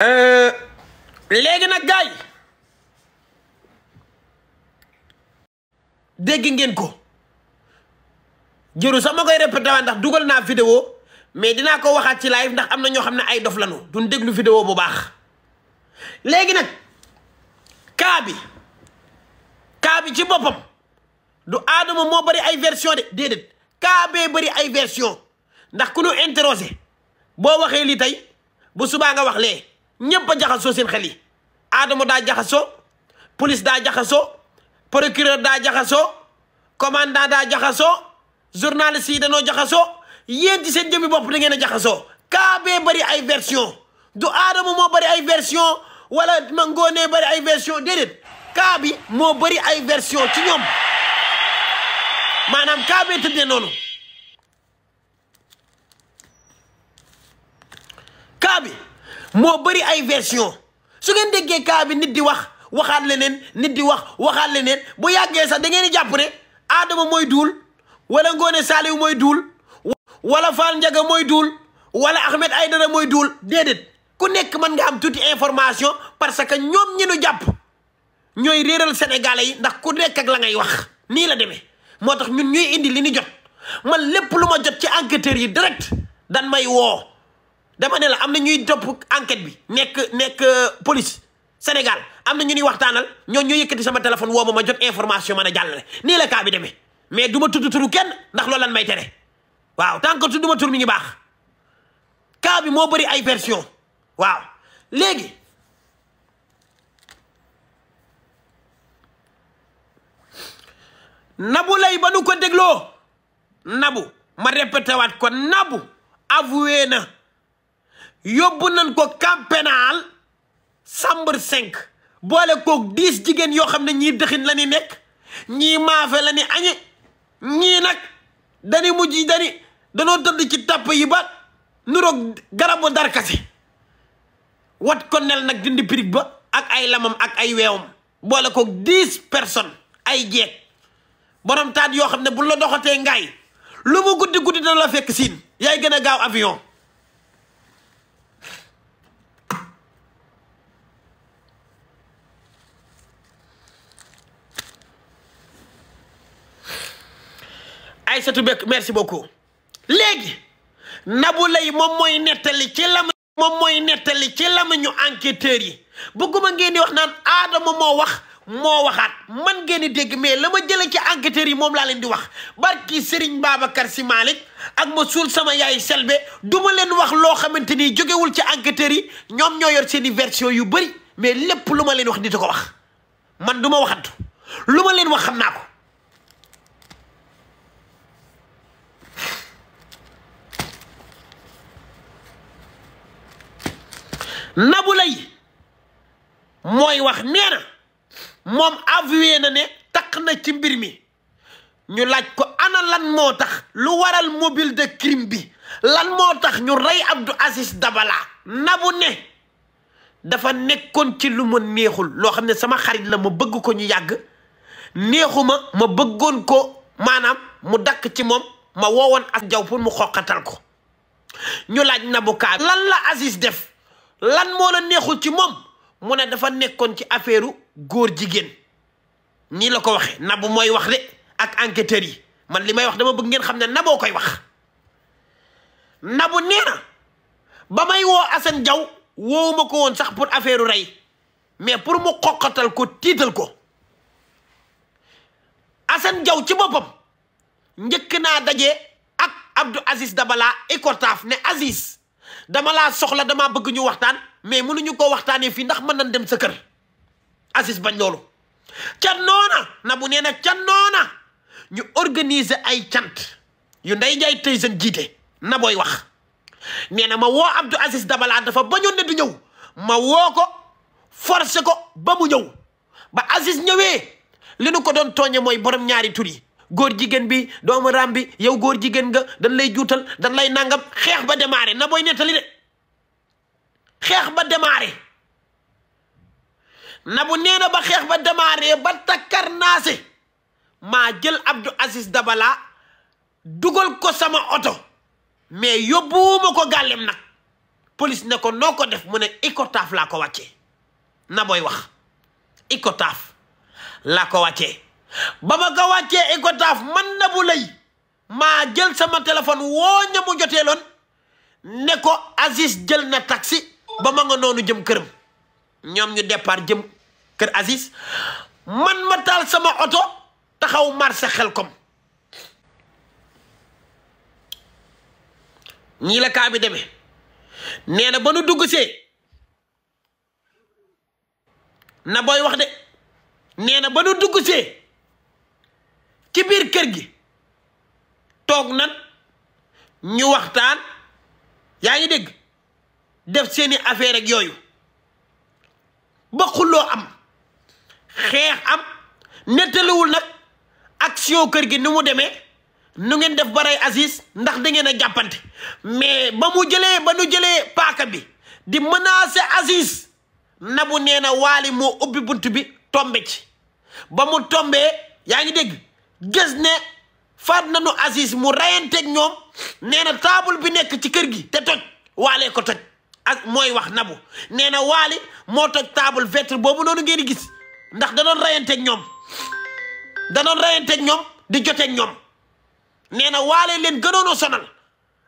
Euh, léegi nag gars dégg ngeen ko jëru sama koy répété ndax dugal naa vidéo mais dinaa ko waxaat ci live ndax am na ñoo xam ne ay dof lañu duñ déglu vidéo bu baax léegi nag kaa bi kaa bi ci boppam du aadama moo bari ay version de déedéet kaa bee ay version ndax ku ñu interrogé boo waxee lii tey bu subaa nga wax lee ñëpp a jaxasoo seen xel yi daa jaxasoo police daa jaxasoo procureur daa jaxasoo commandant daa jaxasoo journaliste yi danoo jaxasoo yéen ci seen jëmmi bopp da ngeen a jaxasoo kaa bee ay version du Adama moo bari ay version wala ma ngoonee bëri ay version déedéet kaa bi moo bari ay version ci ñoom maanaam kaa bee tëddee noonu kaabi moo bëri ay version su ngeen déggee cas bi nit di wax waxaat leneen nit di wax waxaat leneen bu yàggee sax da ngeen di jàpp rek Adama mooy duul wala Ngoone Saliw mooy duul wala Fall Njaga mooy duul wala ay Aydara mooy duul déedéet ku nekk mën nga am tuuti information parce que ñoom ñi nu jàpp ñooy réeral Sénégalais yi ndax ku nekk ak la ngay wax nii la deme moo tax ñun ñuy indi li ñu jot man lépp lu jot ci enquêteurs yi direct dan may woo dama ne la am na ñuy topp enquête bi nekk nekk euh, police Sénégal am na ñu ñuy waxtaanal ñoo ñu yëkkati sama téléphone woo ma ma jot information man a jàllale nii la cas bi demee mais du ma tudd turu kenn ndax loolu may tere waaw tant que tudduma tur mi ngi baax cas bi moo bari ay version waaw léegi nabu lay ba nu ko dégloo nabu ma répété waat ko nabu avoué na yóbbu nañ ko camp pénal cinq boole koog dix jigéen yoo xam ne ñii dëxin la nekk ñii maafe lani ñuy añe ñii nag dañuy mujj dañuy danoo tëdd ci tàpp yi ba nuroog garabu darkase wat ko nel nag dindi pirig ba ak ay lamam ak ay weewam boole koog dix personnes ay jeeg borom taat yoo xam ne bu la doxatee ngaay lu mu guddi guddi dana la fekk siin yaay gën a gaaw avion Aïssatou Bekk merci beaucoup léegi Nabou Leye moom mooy nettali ci lam moom mooy nettali ci lama ñu enquêteurs yi bëgguma ngeen di wax naan Adama moo wax moo waxaat man ngeen di dégg mais la ma jëlee ci enquêteurs yi moom laa leen di wax barki Serigne Babacar Sy Malick ak ma suul sama yaay selbe du ma leen wax loo xamante ni jógewul ci enquêteurs yi ñoom ñoo yor seen i version yu bëri mais lépp lu ma leen wax nit ko wax man du ma waxantu lu ma leen wax xam naa ko Nabou lay mooy wax nee na moom avoué na ne takk na ci mbir mi ñu laaj ko ana lan moo tax lu waral mobile de crime bi lan moo tax ñu rey Abdou asis Dabala Nabou ne dafa nekkoon ci lu ma neexul loo xam ne sama xarit la ma bëgg ko ñu yàgg neexuma ma bëggoon ko maanaam mu dakk ci moom ma woowoon as jaw pour mu xoqatal ko ñu laaj Nabou kaa lan la Aziz def lan moo la neexul ci moom mu ne dafa nekkoon ci affaire góor jigéen nii la ko waxee nabu mooy wax de ak enquêteurs yi man li may wax dama bëgg ngeen xam ne naboo koy wax nabu nee ba may woo Assane Diaw woowuma ko woon sax pour affaire rey mais pour mu xoqatal ko tiital ko Assane Diaw ci boppam njëkk naa daje ak Abdou Aziz Dabala Icotaf ne Aziz dama laa soxla damaa bëgg ñu waxtaan mais mënuñu ko waxtaanee fii ndax mën nañ dem sa kër Aziz bañ loolu ca noona na bu nee na ca noona ñu organiser ay cant yu nday njaay tey seen jiite na booy wax nee na ma woo Abdou Aziz Dabala dafa bañoon ne du ñëw ma woo ko forcé ko ba mu ñëw ba Aziz ñëwee li nu ko doon tooñe mooy borom ñaari tur góor jigéen bi doomu raam bi yow góor jigéen nga dañ lay juutal dañ lay nangam xeex ba démarré na booy nettali xeex ba démarré na bu nee na ba xeex ba démarré ba takkar naase maa jël Abdou Aziz Dabala dugal ko sama oto mais yóbbuwuma ko gàllem nag police ne ko noo ko def mu ne Icotaf laa ko wàccee na booy wax Icotaf laa ko wàccee ba ma ko wàccee Ecotaaf man na bu lay maa jël sama téléphone woo ña mu jotee loon ne ko Aziz jël na taxi ba ma nga noonu jëm këram ñoom ñu départ jëm kër Aziz man ma taal sama oto taxaw marché Xelkom ñii la kaa bi deme nee na ba nu dugg na booy wax de nee na ba nu dugg see ci biir kër gi toog nan ñu waxtaan yaa ngi dégg def seeni affaire ak yooyu ba xulloo am xeex am nettaliwul nag action kër gi ni mu demee nu ngeen def ba rey ndax dangeen a jàppante mais ba mu jëlee ba nu jëlee paaka bi di menacer Aziz Nabou nee na Waly moo ubbi bunt bi tombe ci ba mu tombee yaa ngi dégg gis ne faat nañu Aziz mu reyanteeg ñoom nee na taabul bi nekk ci kër gi te toj waalee ko toj ak mooy wax nabu nee na waali moo toj taabul vitre boobu noonu ngeen gis ndax danoon reyanteeg ñoom danoon reyanteeg ñoom di joteeg ñoom nee na waale leen gënoon sonal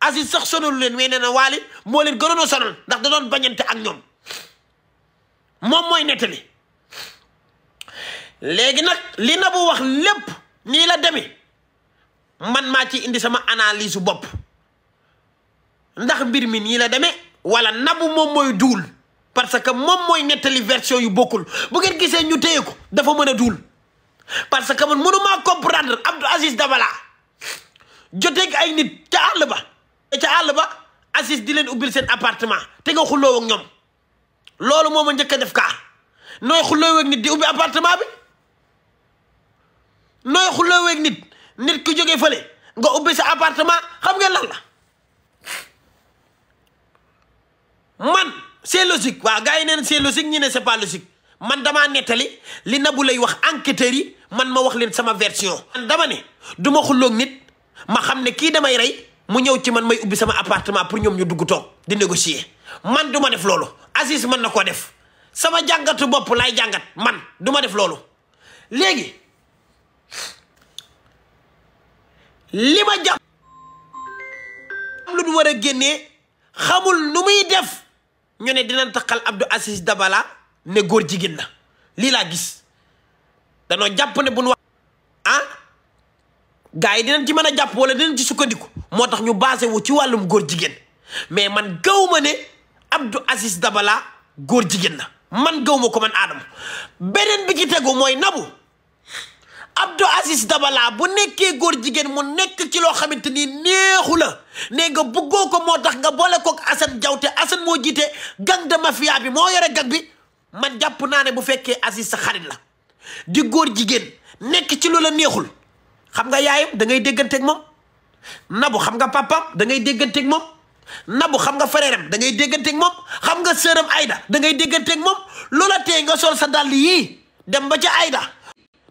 Aziz sax sonalu leen mais nee na waali moo leen gënoon a sonal ndax danoon bañante ak ñoom moom mooy nettali léegi nag li nabu wax lépp nii la demee man maa ci indi sama analyse bopp ndax mbir mi nii la demee wala nabu moom mooy duul parce que moom mooy nettali version yu bokkul bu ngeen gisee ñu téye ko dafa mën a duul parce que man mënumaa comprendre Abdou Aziz Dabala joteeg ay nit ca àll ba ca àll ba Aziz di leen ubbil seen appartement te nga xulloo ak ñoom loolu moom ma njëkk a def kaa nooy xulloo ak nit di ubbi appartement bi. nooy xulooweeg nit nit ku jógee fële nga ubbi sa appartement xam ngeen lan la man c'est logique waaw gars yi neen c'est logique ñi ne c'est pas man damaa nettali li Nabou lay wax enquêteurs yi man ma wax leen sama version man dama ne du ma xulloog nit ma xam ne kii damay rey mu ñëw ci man may ubbi sama appartement pour ñoom ñu dugg toog di négocier man du ma def loolu Aziz mën na koo def sama jàngatu bopp laay jàngat man duma def loolu léegi li ma jàpp lu ñu war a génnee xamul nu muy def ñu ne dinañ taxal Abdou Aziz Dabala ne góor jigéen na lii laa gis danoo jàpp ne bu ñu wax ah gaa yi dinañ ci mën a jàpp wala dinañ ci sukkandiku moo tax ñu basé wu ci wàllum góor jigéen mais man gaw ma ne Abdou Aziz Dabala góor jigéen na man gaw ma ko man aadama beneen bi ci tegu mooy nabu Abdou Aziz dabalaa bu nekkee góor jigéen mu nekk ci loo xamante ni neexu la nee nga buggoo ko moo tax nga boole kook Assane Diaw te Assane moo jiite gang de mafia bi moo yore gang bi man jàpp naa ne bu fekkee Aziz sa xarit la di góor jigéen nekk ci lu neexul xam nga yaayam da ngay dégganteeg moom nabu xam nga papaam dangay ngay dégganteeg moom nabu xam nga frèram da ngay dégganteeg moom xam nga sëram Aida da ngay dégganteeg moom loola tee nga sol sa dàll yii dem ba ca Aida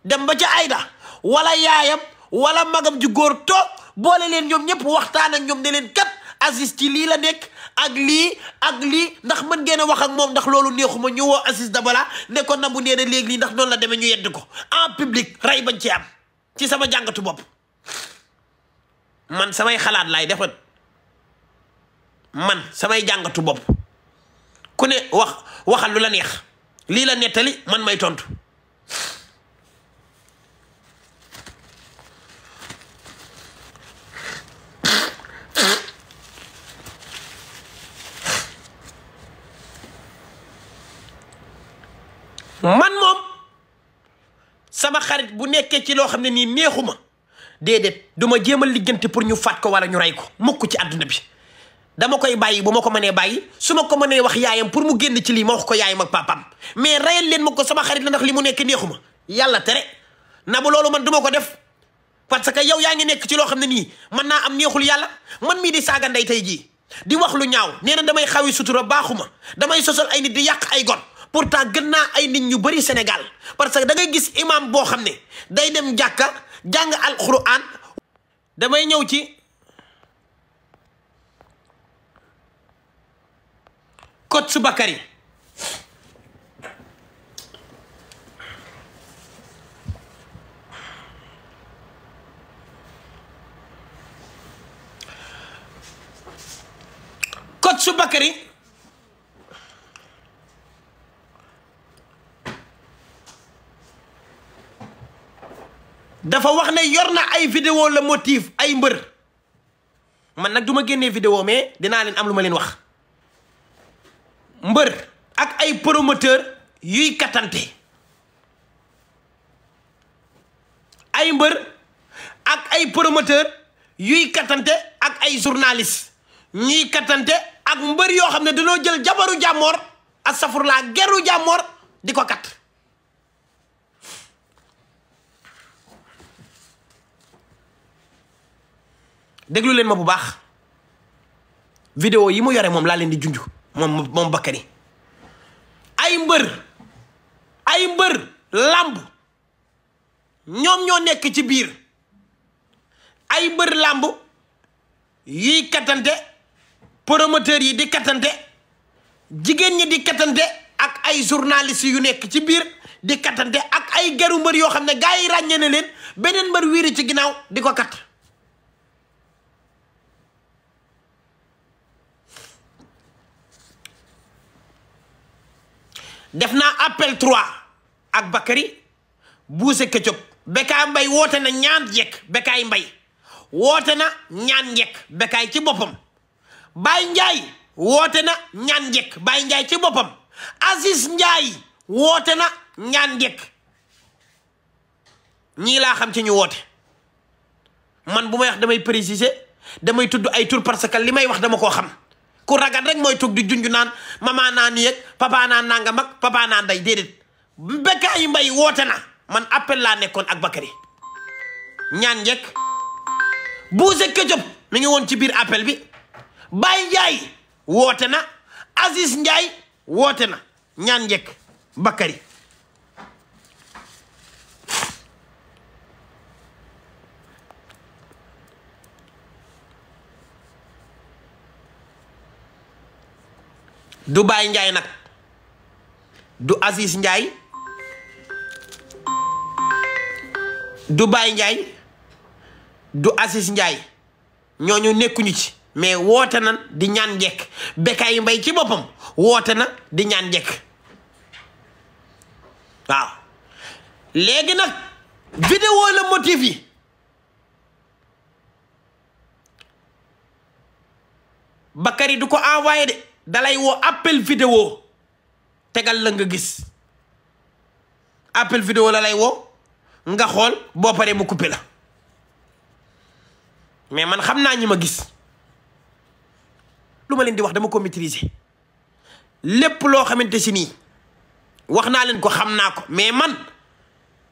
dem ba ca Ayda wala yaayam wala magam ju góor toog boole leen ñoom ñëpp waxtaan ñoom ne leen kat Aziz ci lii la nekk ak lii ak lii ndax mën ngeen a wax ak moom ndax loolu neexuma ñëwoo woo Aziz Dabala ne ko na bu nee na léegi lii ndax noonu la deme ñu yedd ko en public rey bañ ci am ci sama jàngatu bopp man samay xalaat laay defat man samay jàngatu bopp ku ne wax waxal lu la neex lii la nettali man may tontu. man moom sama xarit bu nekkee ci loo xam ne nii neexuma déedéet du ma jéem a liggante pour ñu faat ko wala ñu rey ko mukk ci àdduna bi dama koy bàyyi bu ma ko mënee bàyyi su ma ko mënee wax yaayam pour mu génn ci lii ma wax ko yaayam ak papaam mais reyal leen ma ko sama xarit la ndax li mu nekk neexuma yàlla tere na bu loolu man du ko def parce que yow yaa ngi nekk ci loo xam ne nii mën naa am neexul yàlla man mii di saaga ndey tey jii di wax lu ñaaw nee na damay xawi sutura baaxuma damay sosal ay nit di yàq ay gon pourtant gën naa ay nit ñu bari Sénégal parce que dangay ngay gis imam boo xam ne day dem jàkka jàng alquran damay ñëw ci kot su Bakary kot su Bakary dafa wax ne yor na ay video la motif ay mbër man nag du ma génnee vidéo mais dinaa leen am lu ma leen wax mbër ak ay promoteur yuy kattante ay mbër ak ay promoteur yuy kattante ak ay journaliste ñuy kattante ak mbër yoo xam ne dañoo jël jabaru jàmmoor asafurlaa geru jàmmoor di ko kat déglu leen ma bu baax vidéo yi mu yore moom laa leen di junj moom moom Bakary ay mbër ay mbër làmb ñoom ñoo nekk ci biir ay mbër làmb yiy kattante promoteurs yi di kattante jigéen ñi di kattante ak ay journalistes yu nekk ci biir di kattante ak ay garu mbër yoo xam ne gaa yi ràññee na leen beneen mbër wiiri ci ginnaaw di ko kat def naa appel 3 ak Bakary Bousse Ketchup Bécaye Mbaye woote na ñaan njekk Bécaye mbay woote na ñaan njekk Bécaye ci boppam baay Ndiaye woote na ñaan njekk Baye ci boppam Aziz Ndiaye woote na ñaan njekk ñii laa xam ci ñu woote man bu ma wax damay préciser damay tudd ay tur parce que li may wax dama koo xam ku ragal rek mooy toog di junj naan mama naan yëg papa naan nanga mag papa naan day déedéet Bécaye Mbaye woote na man appel laa nekkoon ak Bakary ñaan njëkk Boucher Ketchup mi woon ci biir appel bi Baye Ndiaye woote na Aziz Ndiaye woote na ñaan njëkk Bakary du Baye njaay nag du Aziz Ndiaye du Baye njaay du Aziz Ndiaye ñooñu nekkuñu ci mais woote na di ñaan njekk Bécaye mbay ci boppam woote na di ñaan njekk waaw léegi nag vidéo la motif yi Bakary du ko envoyé de dalay woo appel vidéo tegal la nga gis appel vidéo la lay woo nga xool boo paree mu coupé la mais man xam naa ñi ma gis lu ma leen di wax dama ko maîtriser lépp loo xamante si nii wax naa leen ko xam naa ko mais man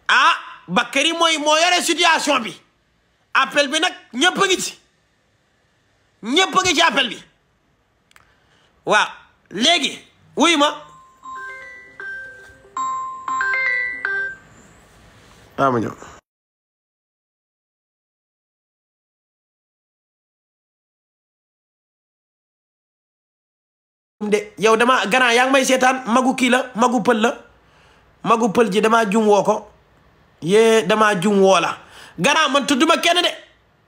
ah Bakary mooy moo yore situation bi appel bi nag ñëpp a ngi ci ñëpp a ngi ci appel bi waaw léegi wuyu ma. ah yow dama gannaaw yaa ngi may seetaan magu kiila la magu pël la magu pël ji damaa jum woo ko yee damaa jum woo la gannaaw man tudduma kenn de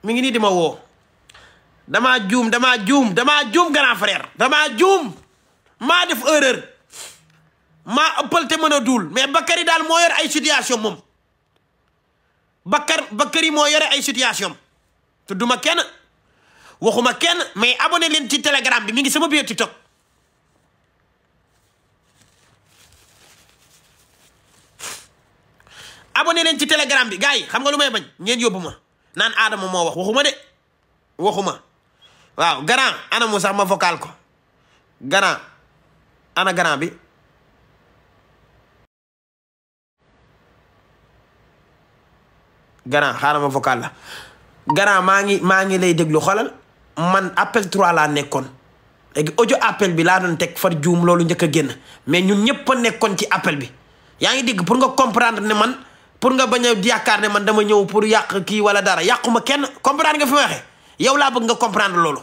mi ngi nii di ma woo. damaa juum damaa juum damaa juum grand frère damaa juum maa def erreur maa ëppal te mën a duul mais Bakary daal moo yore ay situation moom Bakar Bakary moo yore ay situation duma kenn waxuma kenn mais abonné leen ci telegram bi mi ngi sama biir TikTok abonné leen ci telegram bi gars yi xam nga lu may bañ ngeen yóbbu ma naan Adama moo wax waxuma de waxuma waaw grand ana mu sax ma vocal ko grand ana grand bi grand xaaral ma vocal la grand maa ngi maa ngi lay déglu xoolal man appel 3 laa nekkoon léegi audio appel bi laa doon teg far juum loolu njëkk a génn mais ñun ñëpp a nekkoon ci appel bi yaa ngi dégg pour nga comprendre ne man pour nga bañ a yaakaar ne man dama ñëw pour yàq kii wala dara yàquma kenn comprendre nga fi ma waxee yow laa bëgg nga comprendre loolu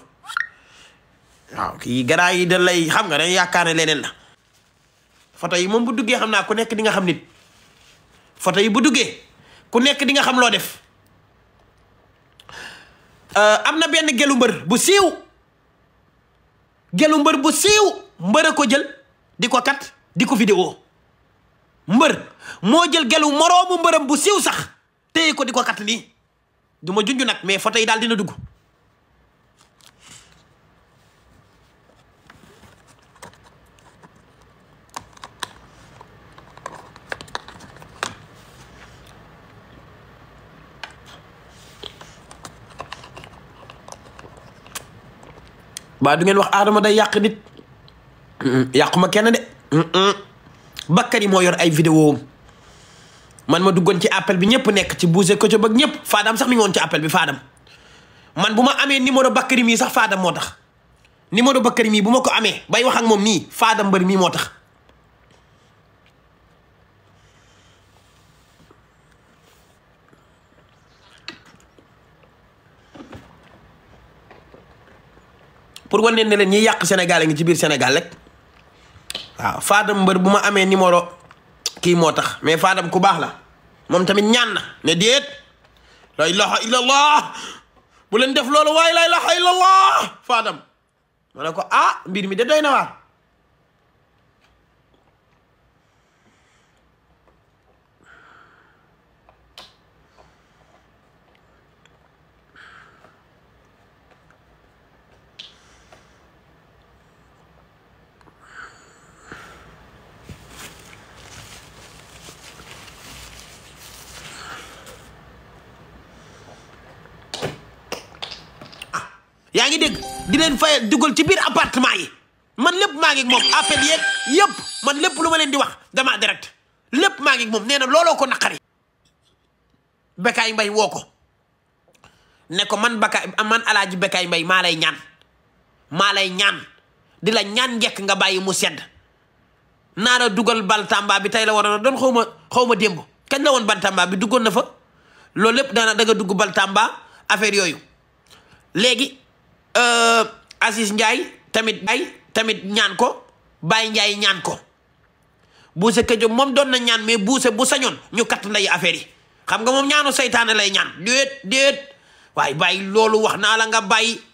waaw kii garaa yi da lay xam nga dañ yaakaar ne leneen na photo yi moom bu duggee xam naa ku nekk di nga xam nit photo yi bu duggee ku nekk di nga xam loo def euh, am na benn gelu mbër bu siiw gelu mbër bu siiw mbër ko jël di ko kat di ko vidéo mbër moo jël gelu moroomu mbëram bu siiw sax téye ko di ko kat nii duma ma junj nag mais photo yi daal dina dugg baa du ngeen wax aadama day yàq nit yàquma kenn de Bakary moo yor ay vidéo man ma duggoon ci appel bi ñëpp nekk ci bouse ko bag ñëpp Fadam sax mi ngi woon ci appel bi Fadam man bu ma amee numéro Bakary mii sax Fadam moo tax numéro Bakary mii bu ma ko amee bay wax ak moom nii faadam mbër mii moo tax pour wane ne leen ñiy yàq Sénégal ngi ci biir Sénégal rek waaw Fadam mbër bu ma amee numéro kii moo tax mais faadam ku baax la moom tamit ñaan na ne déet la ilaha illallah bu leen def loolu waaye la ilaha illallah faadam ma ne ko ah mbir mi de doy na waar yaa ngi dégg di leen fayal dugal ci biir appartement yi man lépp maa ngi moom appel yeeg yëpp man lépp lu ma leen di wax damaa direct lépp maa ngi moom nee na looloo naqari. Bekaay Mbaye woo ko ne ko man Bakaay man Alaaji Bekaay mbay maa lay ñaan maa lay ñaan di la ñaan ngekk nga bàyyi mu sedd naa la dugal bal tamba bi tey la waroon a doon xaw ma xaw ma démb kañ la woon bal bi duggoon na fa loolu lépp daana da dugg bal tamba affaire yooyu léegi Euh, Aziz Ndiaye tamit ay tamit ñaan ko Baye Ndiaye ñaan ko Bousse Kédioum moom doon na ñaan mais Bousse bu sañoon ñu kat nday affaire yi xam nga moom ñaanu seytaane lay ñaan déet déet waaye bàyyi loolu wax naa la nga bàyyi